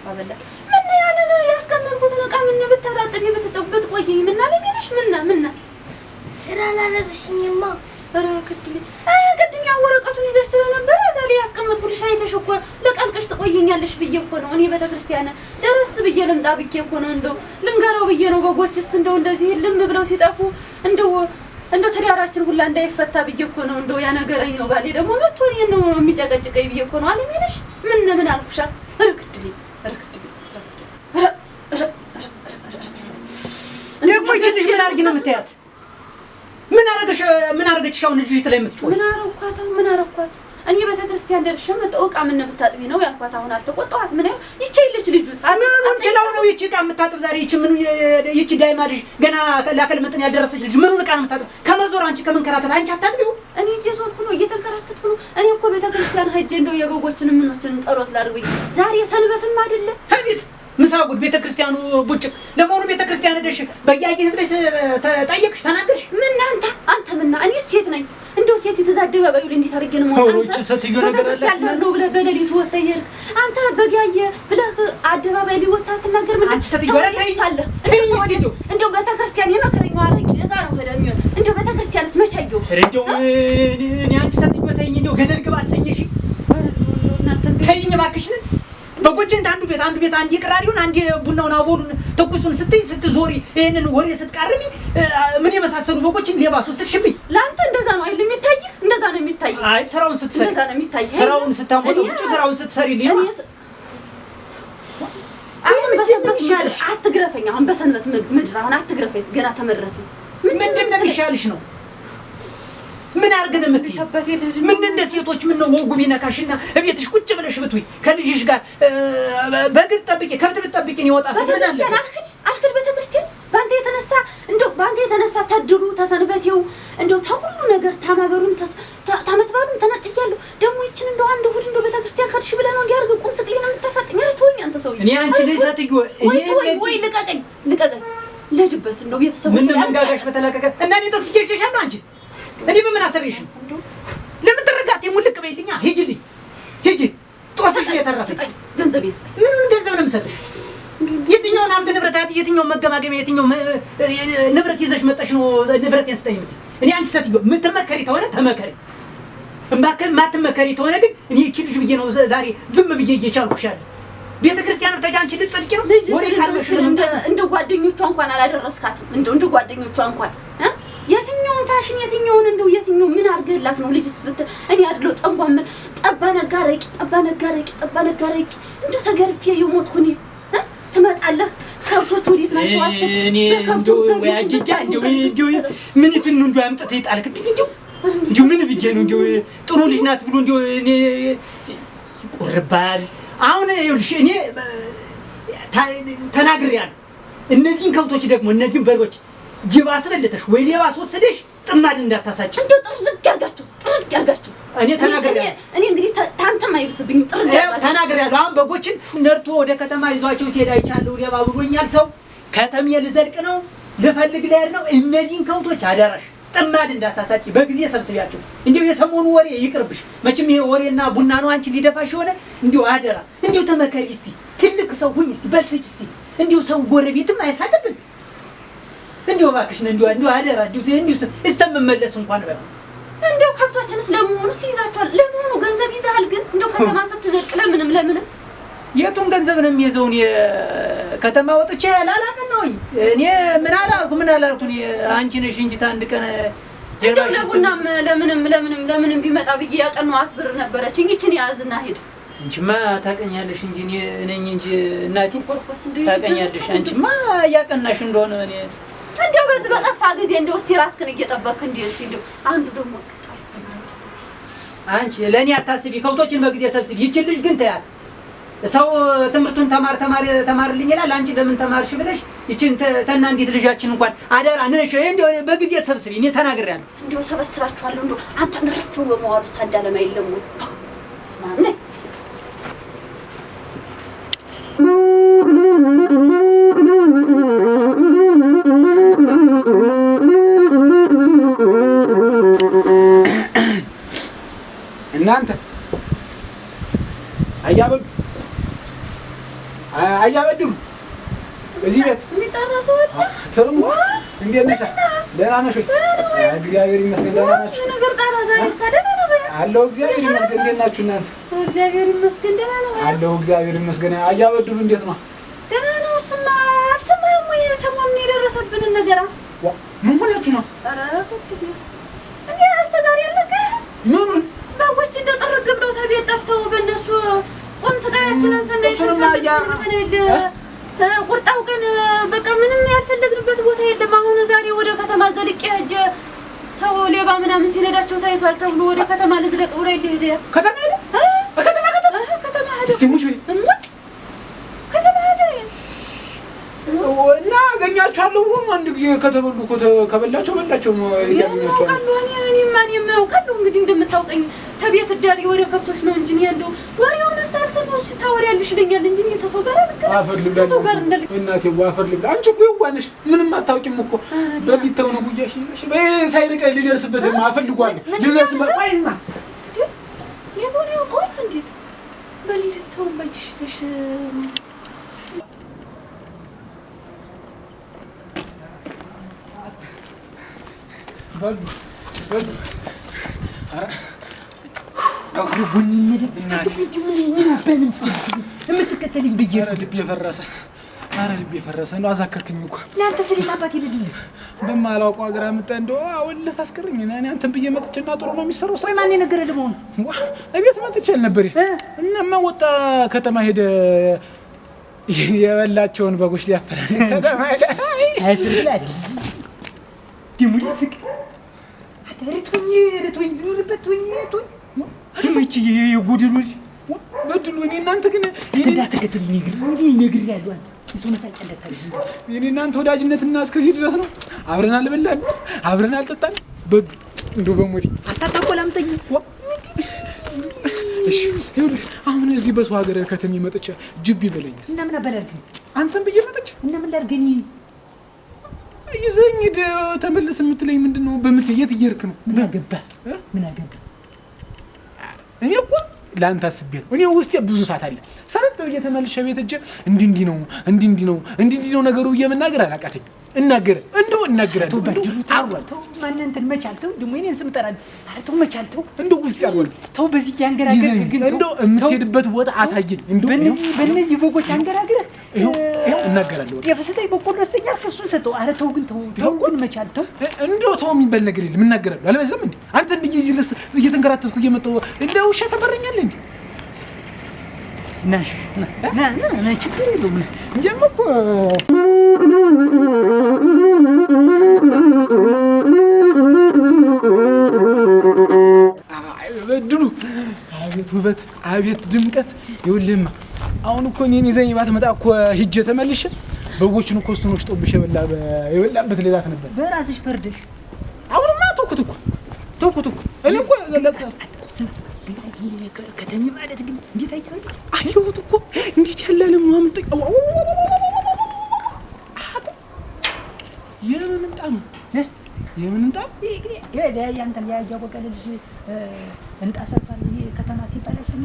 አባበላ ምን ያንን ያስቀመጥኩትን ዕቃ ምን ብታጣጥቢ ብትጠብት ቆይ ምና ለሚልሽ ምና ምና ስራ ላለዝሽኝማ ኧረ ቅድም ቅድም ያ ወረቀቱን ይዘሽ ስለነበረ እዛ ላይ ያስቀመጥኩልሽ አይተሽ እኮ ለቀልቅሽ ትቆይኛለሽ ብዬ እኮ ነው እኔ ቤተ ደረስ ብዬ ልምጣ ብዬ እኮ ነው እንደው ልንገራው ብዬ ነው በጎችስ እንደው እንደዚህ ልም ብለው ሲጠፉ እንደው እንደው ትዳራችን ሁላ እንዳይፈታ ብዬ እኮ ነው እንደው ያ ነገረኛው ባሌ ደግሞ መጥቶ እኔን ነው የሚጨቀጭቀኝ ብዬ እኮ ነው አለኝ ይልሽ ምን ምን አልኩሻ ምን አረገሽ? ምን አረገች? አሁን ልጅሽ ላይ የምትጮህ ምን አረኳት? ምን አረኳት? እኔ ቤተ ክርስቲያን ደርሼ መጣሁ። ዕቃ ምን ብታጥቢ ነው ያልኳት? አሁን አልተቆጣኋት። ምን ያው ይቺ ልጅ ልጁ ምን ትለው ነው? ይቺ ዕቃ የምታጥብ ዛሬ ይቺ ምን ይቺ ዳይማ ልጅ ገና ለአካል መጠን ያልደረሰች ልጅ ምኑን ዕቃ ነው የምታጥብ? ከመዞር አንቺ ከመንከራተት አንቺ አታጥቢው። እኔ እየዞርኩ ነው እየተንከራተትኩ ነው። እኔ እኮ ቤተ ክርስቲያን ሄጄ እንደው የበጎችን ምኖችን ጸሎት ላድርግ ዛሬ ሰንበትም አይደለም አቤት ምሳ ጉድ ቤተ ክርስቲያኑ ቡጭቅ። ለመሆኑ ቤተ ክርስቲያን ደሽ በያየህ ብለሽ ተጠየቅሽ ተናገርሽ? ምን አንተ አንተ ምና እኔ ሴት ነኝ እንደው ሴት የተዛደበ በይሉ እንዴት አድርጌ ነው አንተ ሴትዮ ነገር አለ ነው ብለህ በሌሊቱ ወጥተህ የሄድክ አንተ በጋየ ብለህ አደባባይ ላይ ወጥተህ አትናገር። ምን አንተ ሴትዮ ወራ ታይሳለ እንደው ቤተ ክርስቲያን የመከረኛው አረቂ እዛ ነው ሄደ የሚሆን እንደው ቤተ ክርስቲያንስ መቼ አየሁ እንደው እኔ አንቺ ሴትዮ ተይኝ፣ እንደው ገደል ግባ አሰኘሽ። ተይኝ ነው በጎችን አንዱ ቤት አንዱ ቤት አንድ የቅራሪውን አንድ የቡናውን አቦሉን ትኩሱን ስትይ ስትዞሪ ይህንን ወሬ ስትቃርሚ ምን የመሳሰሉ በጎችን ሌባ ስትሽብኝ ለአንተ እንደዛ ነው አይደል የሚታይህ? እንደዛ ነው የሚታይ አይ ስራውን ስትሰሪ እንደዛ ነው የሚታይ ስራውን ስታሞጥ ብቻ ስራውን ስትሰሪ ሌባ አሁን በሰንበት ይሻል አትግረፈኝ። አሁን በሰንበት ምድር አሁን አትግረፈኝ። ገና ተመድረስን ምንድን ነው የሚሻልሽ ነው ምን አድርገን የምትይ ምን እንደ ሴቶች ምን ነው ወጉ ቢነካሽና እቤትሽ ቁጭ ብለሽ ብትይ ከልጅሽ ጋር በግብ ጠብቂ ከብት ብትጠብቂ ነው ይወጣ አልክድ ቤተክርስቲያን በአንተ የተነሳ እንደው በአንተ የተነሳ ተድሩ ተሰንበቴው እንደው ተሁሉ ነገር ታማበሩን ታመትባሉም ተነጥያለሁ። ደግሞ ይችን እንደው አንድ እሑድ እንደው ቤተክርስቲያን ከድሽ ብለህ ነው እንዲያርግ ቁም ስቅሌ ነው የምታሳጥኝ። ርትወኝ አንተ ሰውዬ እኔ አንቺ ልጅ ሰትዮ ወይ ልቀቀኝ፣ ልቀቀኝ ልድበት እንደው ቤተሰቦች ምንም ጋጋሽ በተለቀቀ እና እኔ ተስቼ ይሸሻለሁ አንቺ እኔ በምን አሰብሽ? ለምን ትርጋት የሙልቅ በይልኛ። ሂጂልኝ፣ ሂጂ ጦስሽ ነው የተረፈ። ገንዘብ ይስጠኝ። ምኑን ገንዘብ ነው የምሰጥሽ? የትኛውን ሀብት ንብረት አያት፣ የትኛውን መገማገሚያ፣ የትኛው ንብረት ይዘሽ መጠሽ ነው ንብረት ስጠኝ የምትይ? እኔ አንቺ ሰትዮ የምትመከሪ ተሆነ ተመከሪ፣ እባክህ ማትመከሪ ተሆነ ግን እኔ ይቺ ልጅ ብዬ ነው ዛሬ ዝም ብዬ እየቻልኩሽ ቤተ ክርስቲያን ተጫንቺ ልትጸድቂ ነው። ወደ ካልበሽ እንደ ጓደኞቿ እንኳን አላደረስካትም። እንደው እንደ ጓደኞቿ እንኳን ጭራሽን የትኛውን እንደው የትኛው ምን አድርገህላት ነው ልጅ ትስብትል እኔ አድሎ ጠንቧመን ጠባ ነጋረቂ ጠባ ነጋረቂ ጠባ ነጋረቂ እንደው ተገርፌ የሞት ሁኒ ትመጣለህ። ከብቶች ወዴት ናቸው? አትል እኔ እንደው ያጅጃ እንደው እንደው ምን ይትን እንደው አምጥተህ የጣልክብኝ እንደው እንደው ምን ብዬ ነው እንደው ጥሩ ልጅ ናት ብሎ እንደው እኔ ይቆርባል። አሁን ይኸውልሽ እኔ ተናግሬያለሁ። እነዚህን ከብቶች ደግሞ እነዚህን በሮች ጅብ አስበልተሽ ወይ ሌባ አስወስደሽ ጥማድ እንዳታሳጭ። እንደው ጥርግ ያርጋችሁ፣ ጥርግ ያርጋችሁ። እኔ ተናግሬያለሁ። እኔ እንግዲህ ታንተም አይብስብኝም። ጥርግ ያርጋችሁ፣ ተናግሬያለሁ። አሁን በጎችን ነርቶ ወደ ከተማ ይዟቸው ሲሄድ አይቻለሁ። ሌባ ብሎኛል ሰው። ከተሜ ልዘልቅ ነው፣ ልፈልግ ልሄድ ነው። እነዚህን ከብቶች አደራሽ ጥማድ እንዳታሳቂ በጊዜ ሰብስቢያቸው። እንዲሁ የሰሞኑ ወሬ ይቅርብሽ። መቼም ይሄ ወሬና ቡና ነው። አንቺ ሊደፋሽ የሆነ እንዲሁ አደራ፣ እንዲሁ ተመከሪ እስቲ፣ ትልቅ ሰው ሁኝ እስቲ፣ በልትች እስቲ። እንዲሁ ሰው ጎረቤትም አይሳቅብን እንዲሁ ነው እንዲሁ እንዲሁ አደራ እንዲሁ እንዲሁ እስከምመለስ እንኳን በ እንደው ከብቶችንስ ለመሆኑ ሲይዛቸዋል። ለመሆኑ ገንዘብ ይዘሃል? ግን እንደው ከተማ ስትዘልቅ ለምንም ለምንም የቱን ገንዘብ ነው የሚይዘውን? የከተማ ወጥቼ ያላላቅን ነው እኔ ምን አላልኩ ምን አላልኩ። አንቺ ነሽ እንጂ ታንድ ቀን እንደው ለቡናም ለምንም ለምንም ለምንም ቢመጣ ብዬ ያቀነዋት ብር ነበረችኝ። ይችን ያዝና ሂድ። አንቺማ ታቀኛለሽ እንጂ እኔ ነኝ እንጂ እናቴ ታቀኛለሽ። አንቺማ እያቀናሽ እንደሆነ እኔ እንደው በዚህ በጠፋ ጊዜ እንደው እስኪ ራስክን እየጠበክ እንደ እስኪ እንደው አንዱ ደግሞ አንቺ ለእኔ አታስቢ፣ ከብቶችን በጊዜ ሰብስቢ። ይቺን ልጅ ግን ተያት። ሰው ትምህርቱን ተማር ተማር ተማርልኝ ይላል። አንቺ ለምን ተማርሽ ብለሽ ይቺን ተና እንዴት ልጃችን እንኳን አደራ ነሽ እንደው በጊዜ ሰብስቢ። እኔ ተናግሬያለሁ። እንደው ሰበስባችኋለሁ። እንደው አንተ ንረፍ ብሎ መዋሉ ሳዳ ለማይለሙ ስማ እናንተ አያበዱ አያበድሉ እዚህ ቤት ትርሙ እንዴት ነሽ? ደህና ነሽ ወይ? እግዚአብሔር ይመስገን ደህና ናችሁ? አለሁ እግዚአብሔር ይመስገን። እንዴት ናችሁ እናንተ? እግዚአብሔር ይመስገን ደህና ነው አለሁ እግዚአብሔር ይመስገን። እንዴት ነው? ደህና ነው። እሱማ አልሰማህም ወይ? ሰሞኑን የደረሰብንን ነገር ምን ሆናችሁ ነው? ኧረ አልነገረህም? ምኑን ሰዎች እንደው ጥርግ ብለው ተቤት ጠፍተው በእነሱ ቁም ስቃያችንን ስናይ ቁርጣው ግን በቃ ምንም ያልፈለግንበት ቦታ የለም። አሁን ዛሬ ወደ ከተማ ዘልቄ ሂጅ ሰው ሌባ ምናምን ሲነዳቸው ታይቷል ተብሎ ወደ ከተማ ልዝለቅ ብሎ ይሄድ ከተማ ከተማ ከተማ ከተማ ሄደ እላችኋለሁ። አንድ ጊዜ ከተበሉ እኮ ከበላቸው በላቸው ያውቃለሁ። እንግዲህ እንደምታውቀኝ ተቤት እዳሪ ወደ ከብቶች ነው እንጂ ያለው ወሬውን ሳልሰማው እሱ ታወሪያለሽ ይለኛል እንጂ ተሰው ጋር ተሰው ጋር እናቴ አፈር ልብላ። አንቺ እኮ የዋነሽ ምንም አታውቂም እኮ በሊተው ነው ጉያሽ ሳይርቀኝ ልደርስበት አፈልጓል ሊደርስ መጣይና የሆነ ቆይ እንዴት ተውን በጅሽ ይዘሽ የምትከተልኝ ብዬ ልቤ የፈረሰ ኧረ ልቤ የፈረሰ እንደው አዛከርክኝ እኮ ለአንተ ስሌት አባት ይልድል በማላውቀው ሀገር አምጠህ እንደው አሁን ልታስቀረኝ እኔ አንተን ብዬ መጥቼ እና ጥሩ ነው የሚሰራው ስራ ማን የነገረህ ለመሆኑ እቤት መጥቼ አልነበረ እናማ ወጣ ከተማ ሄደ የበላቸውን በጎች ሊያፈላል ከተማ ሄደ ደሞ ይስቅ አዳሪቶኝ ረቶኝ ልኖርበት ቶኝ ቶኝ ደሞ ይቺ የጎደሎ በድሎ እኔ እናንተ ግን እንዳትገድል ነግር ነግር ያሉ አንተ የሰው መሳቂያ እንዳታደርግ እኔ እናንተ ወዳጅነትና እስከዚህ ድረስ ነው። አብረን አልበላን፣ አብረን አልጠጣን። በዱ እንደው በሞቴ አታታቆላምጠኝ። እሺ ይኸውልህ አሁን እዚህ በሰው ሀገር ከተሜ መጥቼ ጅብ ይበለኝስ እና ምን አበላልክ? አንተም ብዬ መጥቼ እና ምን ላድርግ እኔ ይዘኝ ተመለስ የምትለኝ ምንድን ነው? በምት የት እየሄድክ ነው? ምን አገባህ? ምን አገባህ? እኔ እኮ ለአንተ አስቤ ነው። እኔ ውስጤ ብዙ ሰዓት አለ። ሰረት ብዬ ተመልሼ ቤት እጄ እንዲህ እንዲህ ነው እንዲህ እንዲህ ነው እንዲህ እንዲህ ነው ነገሩ ብዬ መናገር አላቃተኝ። እናገር እንደው እናገራለሁ። ተው ማነህ እንትን መች አልተው ደግሞ እኔን ስም እጠራለሁ። ኧረ ተው እንደው ውስጥ ያልሆነ ተው በዚህ አንገራገር ግን እንደው የምትሄድበት ቦታ አሳየኝ። እንደው በእነዚህ በጎች አንገራግረህ እናገራለሁ። የፈሰጠኝ በቆሎ ወስደኛል። እሱን ሰጠው። አረ ተው ግን ተው ተው ግን መቻል ተው። እንደው ተው የሚባል ነገር የለም። እናገራለሁ። አልበዛም እንዴ? አንተ እንደ እዚህ ልስ እየተንከራተትኩ እየመጣሁ እንደ ውሻ ተበረኛል እንዴ? ነሽ ነ ና ና፣ ችግር የለውም። እንጀም እኮ ድሉ አቤት ውበት፣ አቤት ድምቀት ይኸውልህማ አሁን እኮ እኔን ይዘኝ ባትመጣ እኮ ሂጄ ተመልሽ በጎቹን እኮ እሱን ውሽጦብሽ የበላበት ሌላት ነበር። በራስሽ ፈርደሽ አሁንማ ተውኩት እኮ ተውኩት እኮ እኔ እኮ ከተሜ ማለት ግን እንዴት አይቻለሁ አየሁት እኮ እንዴት ያለ ምናምን ጠ የምንጣም የምንጣም ያንተን የአያ በቀልልሽ እንጣ ሰርቷል ከተማ ሲባላል ስና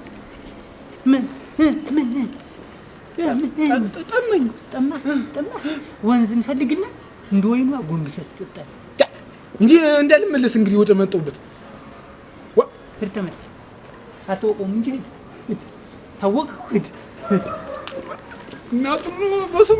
ምን ምን ጠማኝ ጠማ ጠማ ወንዝ እንፈልግና እንደ ወይኗ ጎንብሰት ትጠጣል። እንዲህ እንዳልመለስ እንግዲህ ወደ መጣሁበት ሂድ ተመለስ። እንጂ ሂድ ሂድ በስሙ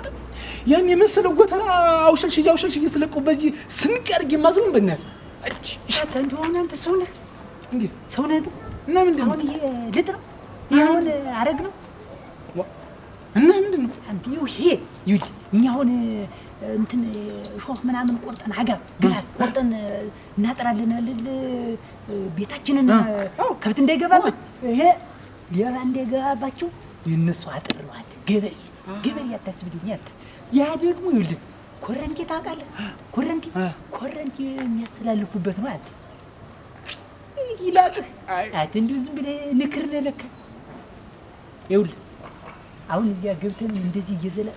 ያን የመሰለው ጎተራ አውሸልሽ እያውሸልሽ እየስለቀው በዚህ ስንቅ አድርጌ የማዝሩን በእናትህ አንተ እንደሆነ አንተ ሰው ነህ እንዴ? ሰው ነህ እና ምንድን ነው? አሁን ይሄ ልጥ ነው፣ ይሄ አሁን አረግ ነው እና ምንድን ነው አንተ? ይሄ ይኸውልህ እኛ አሁን እንትን ሾፍ ምናምን ቆርጠን አጋብ ግራ ቆርጠን እናጠራለን አይደል? ቤታችንን ከብት እንዳይገባበት ይሄ ሌባ እንዳይገባባችሁ የእነሱ አጥር ነው አንተ ገበሬ ገበሬ አታስብልኝ አንተ። ያ ደግሞ ይኸውልህ ኮረንቲ ታውቃለህ? ኮረንቲ ኮረንቲ የሚያስተላልፉበት ማለት ይላጥህ አንተ እንዲሁ ዝም ብለህ ንክር ነህ ለካ። ይኸውልህ አሁን እዚያ ገብተን እንደዚህ እየዘላ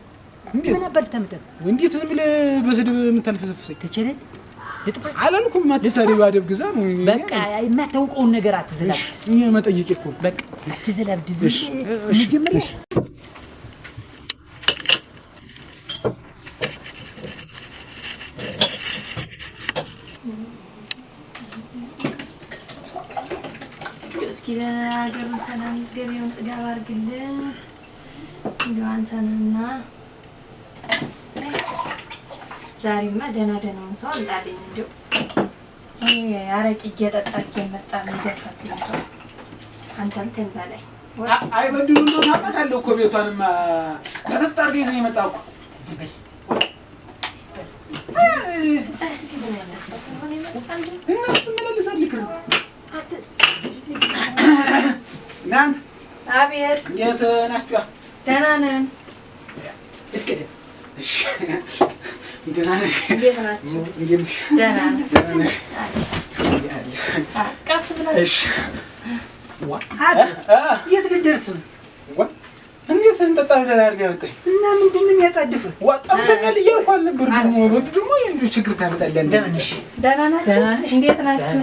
ምን ነበር ልታመጣ? እንዴት ዝም ብለህ በስድብ የምታልፈሰፍሰኝ? ትችልን ልጥፋ አላልኩም። አትሳደብ ባደብ ግዛ ነው በቃ። የማታውቀውን ነገር አትዘላብ። መጠየቄ እኮ በቃ አትዘላብ። ድዝም መጀመሪያ ለሀገሩን ሰላም ገቢውን ጥጋብ አድርግልን። እንዲያው አንተንና ዛሬማ ደህና ደህናውን ሰው አምጣልኝ። እንዲያው አረቂ እየጠጣች የመጣ የሚደፋብኝ ሰው አንተን እንትን በላይ አይበድሉ እንደው ታውቃታለህ እኮ ቤቷንማ ከተጣ አድርገህ ይዘህ የመጣ እኮ እናስ ትመላለሳለህ እናንተ አቤት፣ እንዴት ናችሁ? ደህና ነን። የት ልደርስ ነው? እንዴት እንጠጣ ብለህ አድርገህ ያመጣኝ እና ምንድን ነው የሚያጣድፍህ? ጠምተኛል እያልኩህ አልነበረ? ደግሞ ችግር ታመጣለህ። ደህና ነሽ? ደህና ናችሁ? እንዴት ናችሁ?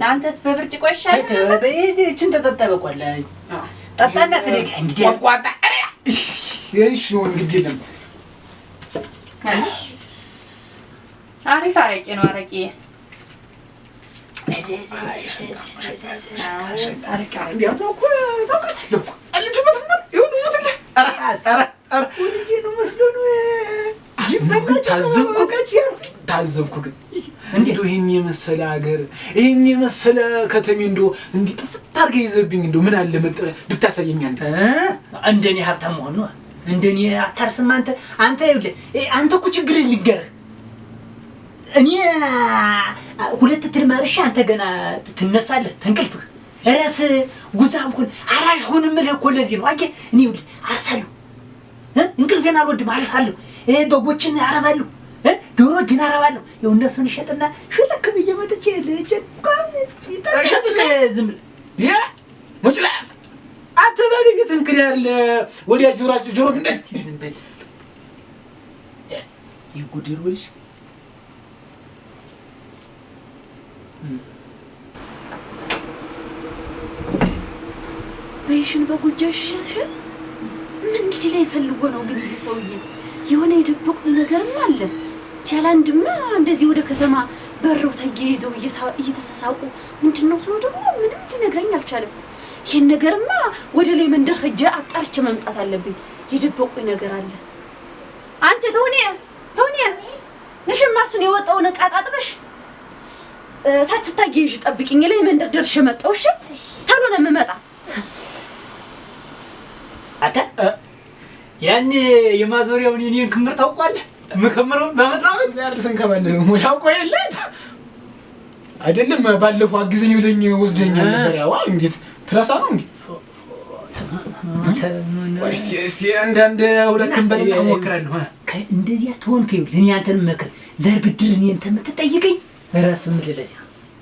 ለአንተስ በብርጭቆ ይሻላል። ተጠጣ በቆላ ጠጣና ትደቅ እንግዲህ ቋቋጣ ይሽ ነው እንግዲህ የለም አሪፍ አረቄ ነው አረቄ ነው መስሎ ነው ታዘብኩ ታዘብኩ ግን እንዲሁ ይህን የመሰለ ሀገር ይህን የመሰለ ከተሜ እንዲሁ እንዲህ ጥፍት አድርገህ ይዘብኝ እንዲሁ ምን አለ መጥ ብታሳየኝ አንተ እንደኔ ሀብታም መሆን ነው እንደኔ አታርስም አንተ አንተ አንተ እኮ ችግር ልንገርህ እኔ ሁለት ትል አንተ ገና ትነሳለህ ተንቀልፍህ ራስ ጉዛም ሁን አራሽ ሁን የምልህ እኮ ለዚህ ነው አየህ እኔ አርሳለሁ እንቅልፌን አልወድም አርሳለሁ በጎችን አረባለሁ፣ ዶሮችን አረባለሁ። ያው እነሱን እሸጥና ሽለክ ብዬ መጥቼ አትበል። ወዲያ ጆሮ ጆሮ ግንዳስ ዝም በል ይጉድር ወልሽ በይሽን በጉጃሽ ምን እንዲህ ላይ ፈልጎ ነው ግን ይሄ ሰውዬ የሆነ የደበቁት ነገርም አለ። ቻላንድማ እንደዚህ ወደ ከተማ በረው ተያይዘው እየተሳሳቁ ምንድን ነው ሰው ደግሞ ምንም ሊነግረኝ አልቻለም። ይህን ነገርማ ወደ ላይ መንደር ሄጄ አጣርቼ መምጣት አለብኝ። የደበቁኝ ነገር አለ። አንቺ ተውኔ ተውኔ ንሽማ እሱን የወጣውን ዕቃ ጣጥበሽ እሳት ስታያይዥ ጠብቅኝ። ላይ መንደር ደርሼ መጣሁ። እሺ ተብሎ ነው የምመጣ ያን የማዞሪያውን የኔን ክምር ታውቋለህ? ምክምሩን በመጥራበት ጋር ስንከባለ ሙያው ቆይ የለት አይደለም። ባለፈው አግዘኝ ብለኝ ወስደኛ ነበር። ያዋ እንዴት ትረሳ ነው እንዴ? እስቲ አንዳንድ ሁለትን ከንበል እሞክራለሁ። እንደዚያ ትሆን ከዩ ለኔ አንተን መክር ዘር ብድር እኔ እንትን የምትጠይቀኝ ራስ ምን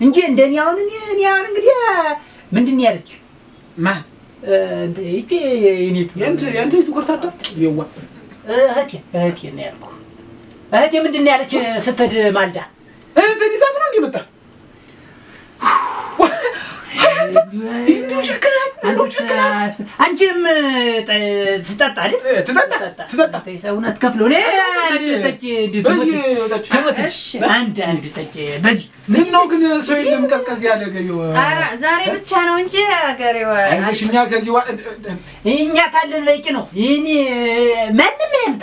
እንጂ እንደኔ አሁን እኔ አሁን እንግዲህ ምንድን ያለች ማን የእንትኔቱ ኮርታታ እህቴ ምንድን ነው ያለች ስትሄድ ማልዳ እህቴን ይዛት ነው እንዲመጣ አንቺም ትጠጣ አይደል? ትጠጣ ትጠጣ ሰውነት ከፍሎ እኔ ምነው ግን ሰው የለም? ቀዝቀዝ ያለ ገቢው ዛሬ ብቻ ነው እንጂ ገሬው እኛ ከዚህ እኛ ታለን በቂ ነው። ማንም ያምጣ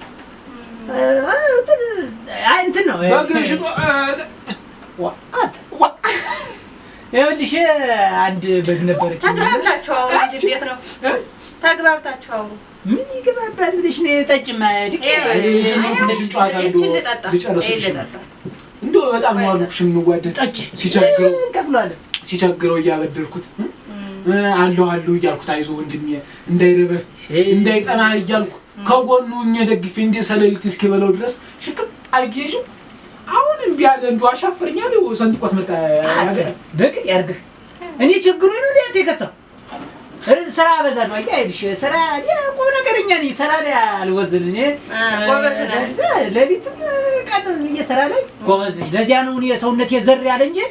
እንትን ነው ይኸውልሽ፣ አንድ በግ ነበረች። ተግባብታችሁ አውሩ እንጂ እንዴት ነው? ተግባብታችሁ አውሩ። ምን ይገባባል ብለሽ ነው? ጠጭማ በጣም ነው አልኩሽ። ጠጭ ሲቸግረው ከፍሏል። ሲቸግረው እያበደርኩት አለሁ አለሁ እያልኩት አይዞህ ወንድሜ እንዳይርበህ እንዳይጠማህ እያልኩ ከጎኑ እኛ ደግፌ እንደ ሰለሊት እስኪበለው ድረስ ሽቅብ አልጌዥ አሁን እምቢ አለ። እንደው አሻፈረኛል። ሰንጥቆት መጣ ያገረ በቅጥ ያርግህ። እኔ ችግሩ ነው ዲያት የከሳ ስራ በዛ ነው አያ አይልሽ ስራ ያቆ ነገረኛ ነኝ። ስራ ላይ አልወዝን እኔ ጎበዝ ነኝ። ለሊትም ቀንም እየሰራ ላይ ጎበዝ ነኝ። ለዚያ ነው እኔ ሰውነት የዘር ያለ እንጂ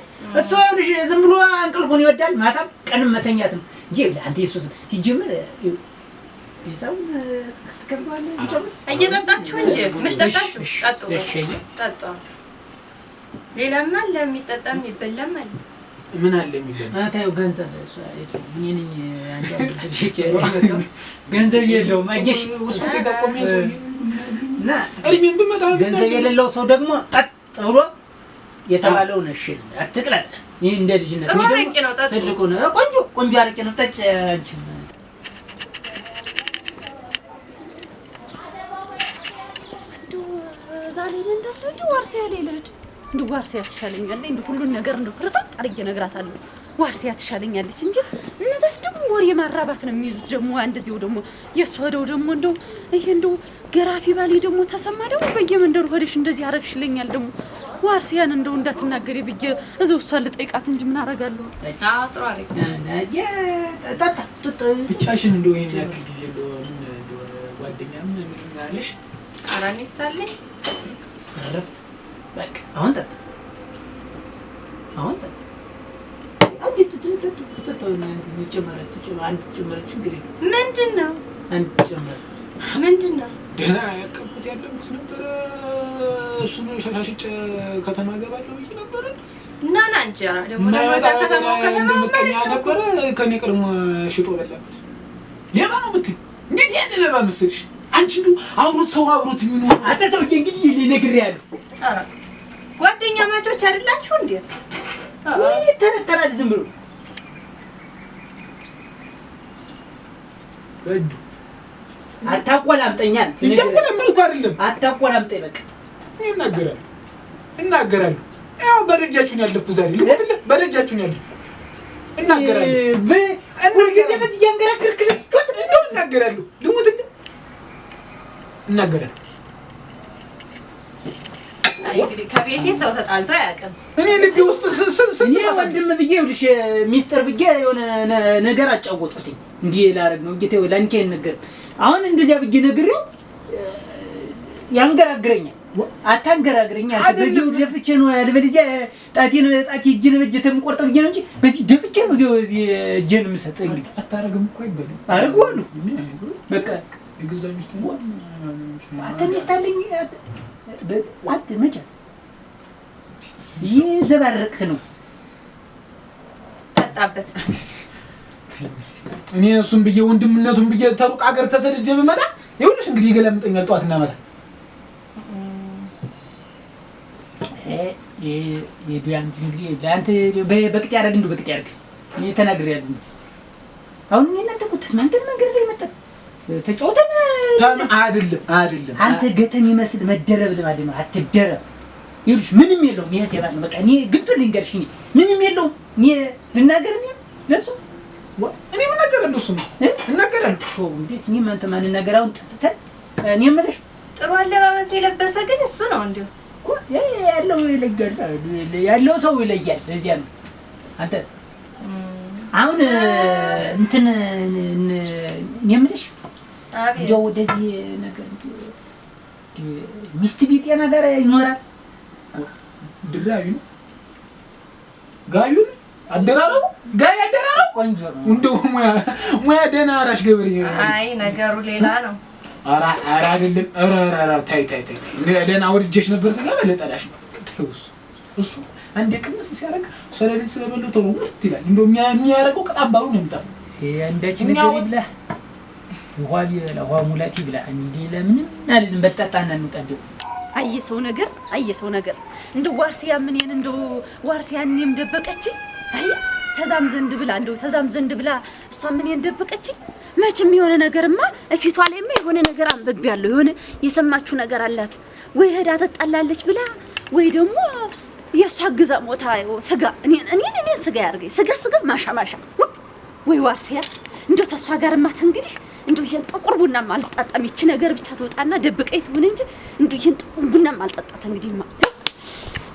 እሱ አይልሽ ዝም ብሎ እንቅልፉን ይወዳል። ማታም ቀንም መተኛትም ነው እንጂ አንተ ኢየሱስ ሲጀምር ይሳው እየጠጣችሁ እንጂ መች ጠጣችሁ? ጠጡ ጠጡ። ሌላም አለ የሚጠጣ የሚበላም አለ። ምን አለ የሚበላው? ገንዘብ ገንዘብ የለውም። አየሽ፣ ገንዘብ የሌለው ሰው ደግሞ ጠጥ ብሎ የተባለውን እሺ አትቅለል። ይህ እንደ ልጅነት ነው። ቆንጆ ቆንጆ አረቄ ነው። ጠጭ አንቺ ላይ እንዳለ እንዲ ዋርሲያ ላይ ልሂድ እንዲ ዋርሲያ ትሻለኛለች። እንዲ ሁሉን ነገር እንዲ ርጣጥ አድርጌ እነግራታለሁ። ዋርሲያ ትሻለኛለች እንጂ እነዛስ ደግሞ ወሬ ማራባት ነው የሚይዙት። ደግሞ አንድዚው ደግሞ የእሱ ሄደው ደግሞ እንደው ይሄ እንደው ገራፊ ባሌ ደግሞ ተሰማ ደግሞ በየመንደሩ ሄደሽ እንደዚህ አረግሽልኛል ደግሞ ዋርሲያን እንደው እንዳትናገር ብዬ እዚያው እሷን ልጠይቃት እንጂ ምን አደርጋለሁ? ብቻሽን እንደው ይሄን ያክል ጊዜ ጓደኛም ምን ያለሽ ምንድን ነው ምንድን ነው? ደህና ነበረ። እሱን ቀድሞ ሽጦ በላኩት። ሌባ ነው የምትይኝ? እንዴት ያን ሌባ መሰልሽ? አንቺ ነው አብሮት ሰው አብሮት የሚኖር አንተ ሰውዬ እንግዲህ ይል ነግሬያለሁ። ኧረ ጓደኛ ማቾች አይደላችሁ እንዴ? ምን ይተረተራል? ዝም ብሎ እዱ አታቆላምጠኛ። ይጀምር መልኩ አይደለም አታቆላምጠኝ። በቃ እኔ እናገራለሁ ያው በደጃችሁን ያለፉ ዛሬ ልቁትልህ በደጃችሁን ያለፉ እናገራለሁ። ሁልጊዜ በዚህ እያንገራገርክ ልትቶት እናገራለሁ ልሙት ይናገራል። እንግዲህ ከቤቴ ሰው ተጣልቶ አያውቅም። እኔ ልቤ ውስጥ ወንድም ብዬ ይኸውልሽ ሚስጥር ብዬ የሆነ ነገር አጫወትኩትኝ እንዲህ ላደርግ ነው ጌታ ላንኪ አይነገርም። አሁን እንደዚያ ብዬ ነግሬው ያንገራግረኛል። አታንገራግረኛ በዚህ ደፍቼ ነው ያልበለዚያ ጣቴን ጣቴ እጅን በእጅ ተምቆርጠ ብዬ ነው እንጂ በዚህ ደፍቼ ነው እዚያው እዚህ እጄን የምሰጥ እንግዲህ አታረግም እኮ አይበሉ አረግ ዋሉ በቃ የገዛ ሚስት አንተ ሚስት አለኝ አትመጫ ይዘባረቅ ነው ጠጣበት። እኔ እሱም ብዬ ወንድምነቱን ብዬ ተሩቅ ሀገር ተሰድጄ ብመጣ ይኸውልሽ እንግዲህ የገለምጠኛል ጠዋት እና ተጫውተን አይደለም አይደለም። አንተ ገተን ይመስል መደረብ ልማድ ነው። አትደረብ። ይኸውልሽ ምንም የለውም። ይሄ ደባ ነው። በቃ እኔ ግንቱ ልንገርሽ፣ እኔ ምንም የለውም። እኔ ልናገር ነው ለሱ እኔ ምን ነገር እንደሱ ነው ነገር አለው እንዴ? እኔም አንተ ማን ነገር አሁን ጥጥተን እኔ የምልሽ ጥሩ አለባበስ የለበሰ ግን እሱ ነው እንዴ እኮ ያለው ይለያል፣ ያለው ሰው ይለያል። ለዚያ ነው አንተ አሁን እንትን እኔ የምልሽ እንዲያው ወደዚህ ነገር ሚስት ቢጤ ነገር ይኖራል። ድራቢ ነው አደራረቡ ጋይ አደራረቡ ቆንጆ ነው። እንደው ሙያ ደህና አራሽ ገበሬ። አይ ነገሩ ሌላ ነው። ኧረ ኧረ አይደለም። ኧረ ኧረ ታይ ታይ ታይ ደህና ወድጄሽ ነበር ስጋ በለጠላሽ ነው። ተው እሱ እሱ አንዴ ቅምስ ሲያደርግ ስለቤት ስለበለው ተው ውስጥ ይላል። እንደው የሚያደርገው ቅጣት ነው የሚጠፋው። እንደች ነገር ይብላህ ውሃ ቢበላ ውሃ ሙላት ይብላ። እንዴ ለምንም አይደለም። በጣጣና እንጠደው ሰው ነገር አየ ሰው ነገር እንደ ዋርሲያ ምን ይን እንደ ዋርሲያ እኔም ደበቀች። አይ ተዛም ዘንድ ብላ እንደው ተዛም ዘንድ ብላ እሷ ምን ይን ደበቀች። መቼም የሆነ ነገርማ እፊቷ ላይማ የሆነ ነገር አንብቤ ያለው የሆነ የሰማችሁ ነገር አላት ወይ ሄዳ ትጣላለች ብላ ወይ ደግሞ የእሷ ግዛ ሞታ ስጋ እኔ እኔ እኔ ስጋ ያርገኝ ስጋ ስጋ ማሻ ማሻ ወይ ዋርሲያ እንደው ተሷ ጋርማት እንግዲህ እንደው ይሄን ጥቁር ቡና አልጣጣም። ይቺ ነገር ብቻ ትወጣና ደብቀኝ ትሆን እንጂ እንደው ይሄን ጥቁር ቡና አልጣጣት። እንግዲህ ማ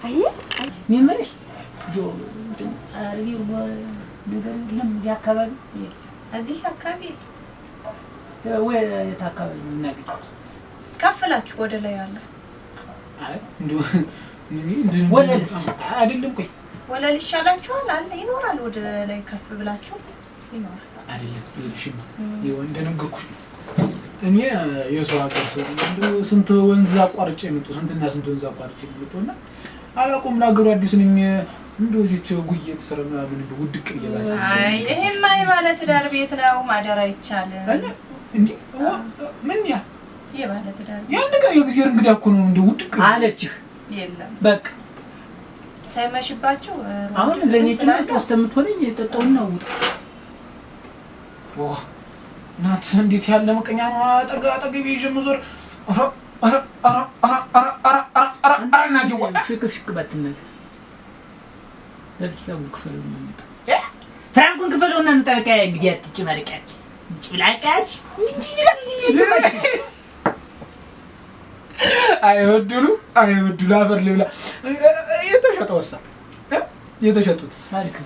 አይ ምንምልሽ ነገር የለም እዚህ አካባቢ እዚህ አካባቢ ወይ የት አካባቢ የምናገኘው ከፍላችሁ ወደ ላይ አለ ወለልስ አይደለም። ቆይ ወለል ይሻላችኋል አለ ይኖራል። ወደ ላይ ከፍ ብላችሁ ይኖራል አይደለም የለሽም እንደነገርኩሽ ነው። እኔ የሰው ሀገር ሰው ስንት ወንዝ አቋርጬ የመጡ ስንትና ስንት ወንዝ አቋርጬ የመጡ እና አላውቀውም። ለሀገሩ አዲስ ነኝ። እንደው እዚህ ጉዬ የተሰራ ምናምን ውድቅ ብያለሁ። ይሄማ የባለ ትዳር ቤት ነው። ማደር አይቻልም። ምን ያ የባለ ትዳር ቤት የአንድ የእግዚአብሔር እንግዳ እኮ ነው። እንደው ውድቅ አለችህ። የለም በቃ ሳይመሽባችሁ አሁን ለእኔ ትምህርት ውስጥ የምትሆነኝ የጠጣውና ውጥ እናት እንዴት ያለ ምቀኛ ነው! አጠገ አጠገቤ ይዤ የምዞር ሽክሽክ ባትነግር በፊሳቡን ክፈለው እና ፍራንኩን ክፈለው እና እንውጣ። በቃ እንግዲህ አትጭም አልቃች ጭላቃች አይበድሉ አይበድሉ አፈር ልብላ የተሸጠ ወሳ የተሸጡት ሳልክፍል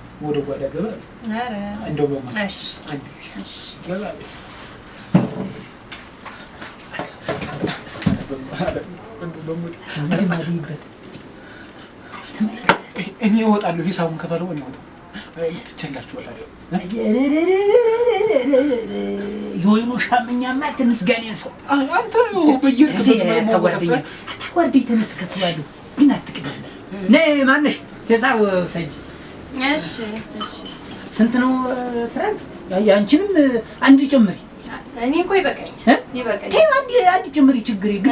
ወደ ጓዳ ገባ እንደው እኔ እወጣለሁ። ሂሳቡን ከፈለው እኔ ወጣ እወጣለሁ። የወይኑ ሻምኛማ ተመስጋኔን ሰው አንተ ተነስ ከፍላለሁ ግን አትቅደም ማነሽ የጻው ሰጅት ስንት ነው ፍራንክ? አንቺንም አንድ ጨምሪ። እኔ እኮ ይበቃኝ ይበቃኝ። አንድ ጨምሪ፣ ችግር ግድ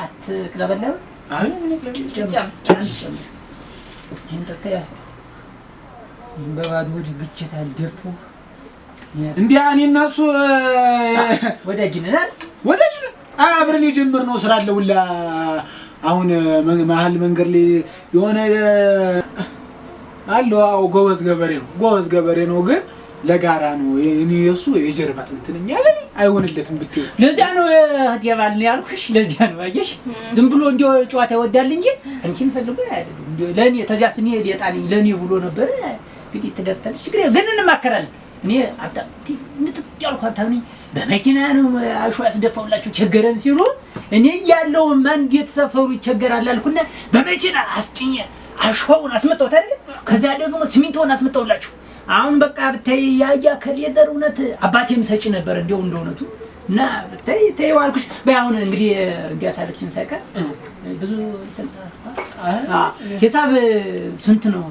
አትቅለበለብ። በባዶ ወደ ግጭት አልደፉ እንዲያ እኔ እና እሱ ወዳጅ ነን ወዳጅ ነን አብረን የጀመርነው ስራ አለ ሁላ አሁን መሀል መንገድ ላይ የሆነ አለ። አዎ ጎበዝ ገበሬ ነው፣ ጎበዝ ገበሬ ነው፣ ግን ለጋራ ነው። እኔ እሱ የጀርባ አጥንት ነኝ አይሆንለትም ብትይው። ለዚያ ነው ያባል ነው ያልኩሽ፣ ለዚያ ነው አየሽ። ዝም ብሎ እንዲ ጨዋታ ይወዳል እንጂ አንቺን ፈልጎ አይደለም። ለእኔ ተዚያ ስሜ ሊጣልኝ ለእኔ ብሎ ነበር። እንግዲህ ትደርታለች፣ ችግር ግን እንማከራለን። እኔ አብጣ እንድትጥ ያልኳ ታብነኝ በመኪና ነው አሹ አስደፋውላችሁ ቸገረን ሲሉ እኔ እያለሁማ እንዴት ሰፈሩ ይቸገራል አልኩና በመኪና አስጭኘ አሸዋውን አስመጣሁት አይደለ? ከዛ ደግሞ ሲሚንቶን አስመጣሁላችሁ። አሁን በቃ ብታይ ያያ ከሌዘር እውነት አባቴም ሰጪ ነበር እንደው እንደ እውነቱ እና ብታይ ተይው አልኩሽ። በይ አሁን እንግዲህ እንዲያታለችን ሳይቀር ብዙ ሂሳብ ስንት ነው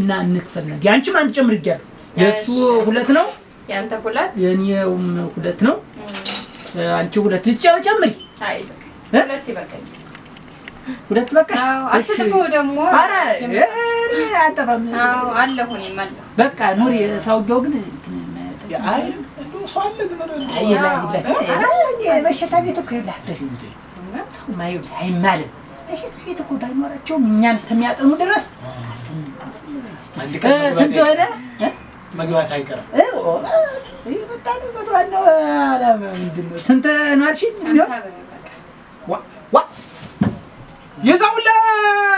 እና እንክፈል ነው ያንቺም አንድ ጨምር ይጋል የእሱ ሁለት ነው ያንተ ሁለት የኔውም ሁለት ነው። አንቺ ሁለት ጨው ጨምሪ። አይ ሁለት ይበቃል። ሁለት በቃ ኑሪ። ሰውዬው ግን አይ ቤት እኮ ይኸውልህ አይማልም። በሽታ ቤት እኮ ባይኖራቸውም እኛን እስከሚያጠኑ ድረስ ስንት ሆነ መግባት አይቀርም። ስንት ነው አልሽኝ? የዛ ሁላ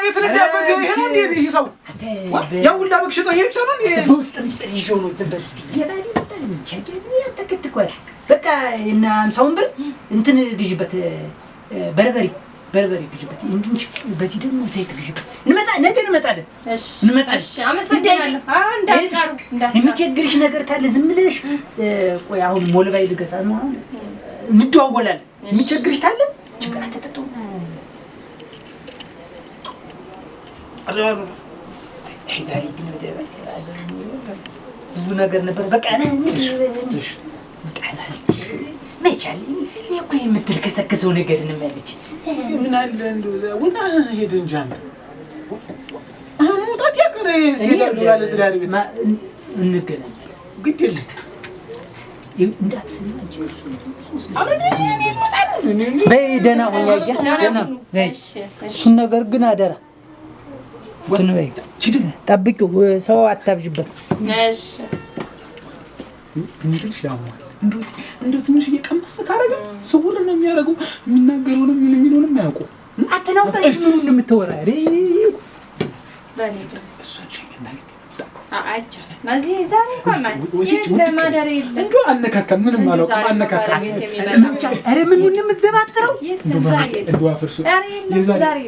ይሄ ነው እንዴ? ይህ ሰው ያ ሁላ ይሄ ብቻ ነው በውስጥ ምስጢር ይዤው ነው ዝም በል እስኪ። በቃ እና አምሳውን ብር እንትን ግዢበት በርበሬ በርበሬ ግዥበት፣ በዚህ ደግሞ ዘይት ግዥበት። እንመጣ ነገ እንመጣለን እንመጣለን። የሚቸግርሽ ነገር ታለ ዝም ብለሽ ቆይ። አሁን ሞልባይ ልገዛ ነው አሁን እንደዋወላለን። የሚቸግርሽ ታለ ችግር አትጠጣውም። ዛሬ ግን ብዙ ነገር ነበር በቃ መቻል እኔ እኮ የምትልከሰከሰው ነገር እንመለች ምን አለ ውጣ ሄድ እንጂ አንተ መውጣት ያቀረ ያለ ትዳር ቤት እንገናኛለን። ግድ የለም በይ ደህና ሆኛ እሱን ነገር ግን አደራ ትንበይ ጠብቂው፣ ሰው አታብዥበት። እንዴት ትንሽ እየቀመስ ካደረገ ስውር ነው የሚያደርጉ የሚናገረውንም የሚለውንም አያውቁ። አትናውጣ ምን እንደምትወራ እንዶ አነካካም፣ ምንም አላውቅም። አነካካም ኧረ ምን እንደምትዘባጥረው እንዶ አፍርሱ የዛሬ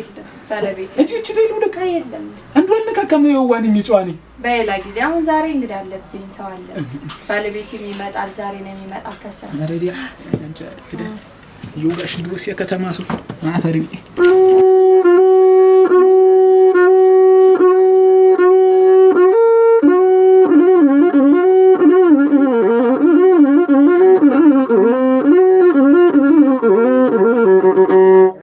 አንዱ አነካካም ነው የዋን የሚጨዋ በሌላ ጊዜ አሁን ዛሬ እንግዳ አለብኝ። ሰው አለ ባለቤት የሚመጣል ዛሬ ነው የሚመጣ። ከሰ ይውጋሽ ድሮስ የከተማ ሰው ማፈሪ